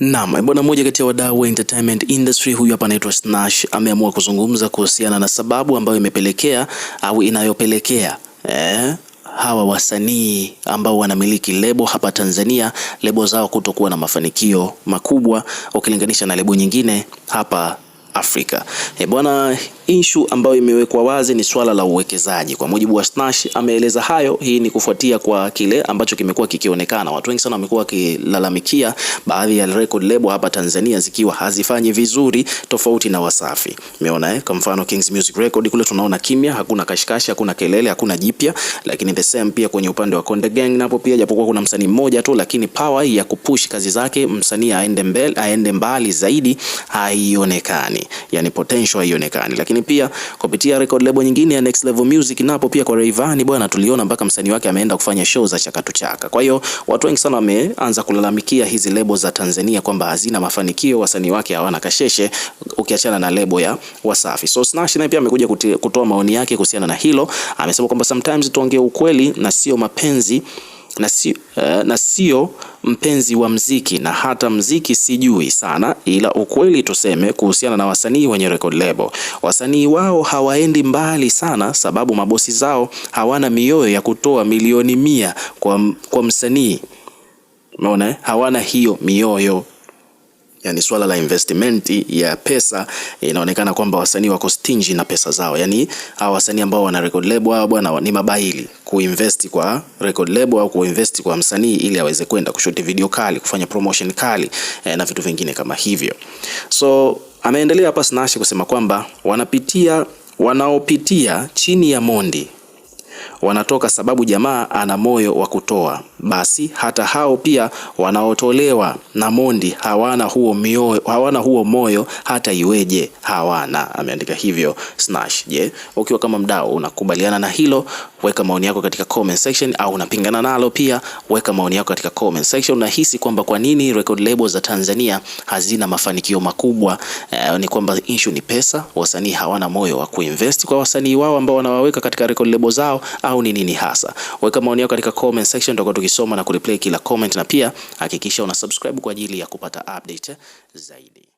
Naam, e bwana mmoja kati ya wadau wa entertainment industry huyu hapa anaitwa Snash ameamua kuzungumza kuhusiana na sababu ambayo imepelekea au inayopelekea eh, hawa wasanii ambao wanamiliki lebo hapa Tanzania lebo zao kutokuwa na mafanikio makubwa ukilinganisha na lebo nyingine hapa Afrika. E bwana, issue ambayo imewekwa wazi ni swala la uwekezaji. Kwa mujibu wa Snash ameeleza hayo, hii ni kufuatia kwa kile ambacho kimekuwa kikionekana. Watu wengi sana wamekuwa wakilalamikia baadhi ya record label hapa Tanzania zikiwa hazifanyi vizuri tofauti na Wasafi. Umeona eh? Kwa mfano Kings Music Record kule tunaona kimya, hakuna kashikashi, hakuna kelele, hakuna jipya, lakini the same pia kwenye upande wa Konde Gang napo pia japokuwa kuna msanii mmoja tu lakini power ya kupush kazi zake msanii aende mbele aende mbali zaidi haionekani yani potential haionekani. Lakini pia kupitia record label nyingine ya Next Level Music, napo pia kwa Rayvanny bwana, tuliona mpaka msanii wake ameenda kufanya show za chakatu chaka. Kwa hiyo watu wengi sana wameanza kulalamikia hizi lebo za Tanzania kwamba hazina mafanikio, wasanii wake hawana kasheshe, ukiachana na lebo ya Wasafi. So Snash naye pia amekuja kutoa maoni yake kuhusiana na hilo, amesema kwamba sometimes tuongee ukweli na sio mapenzi na si, uh, na sio mpenzi wa mziki na hata mziki sijui sana, ila ukweli tuseme kuhusiana na wasanii wenye record label, wasanii wao hawaendi mbali sana, sababu mabosi zao hawana mioyo ya kutoa milioni mia kwa, kwa msanii. Umeona, eh? hawana hiyo mioyo. Yani swala la investment ya pesa inaonekana kwamba wasanii wako stingy na pesa zao. Yani hawa wasanii ambao wana record label hao bwana ni mabahili kuinvest kwa record label au kuinvest kwa msanii ili aweze kwenda kushuti video kali, kufanya promotion kali eh, na vitu vingine kama hivyo. So ameendelea hapa Snashe kusema kwamba wanapitia wanaopitia chini ya Mondi wanatoka sababu jamaa ana moyo wa kutoa, basi hata hao pia wanaotolewa na Mondi hawana huo mioyo, hawana huo moyo hata iweje, hawana. Ameandika hivyo Snash. Je, ukiwa kama mdau unakubaliana na hilo? Weka maoni yako katika comment section, au unapingana nalo pia weka maoni yako katika comment section. Unahisi kwamba kwa nini record label za Tanzania hazina mafanikio makubwa? Eh, ni kwamba issue ni pesa, wasanii hawana moyo wa kuinvest kwa wasanii wao ambao wanawaweka katika record label zao au ni nini hasa? Weka maoni yako katika comment section, tutakuwa tukisoma na kureplay kila comment, na pia hakikisha una subscribe kwa ajili ya kupata update zaidi.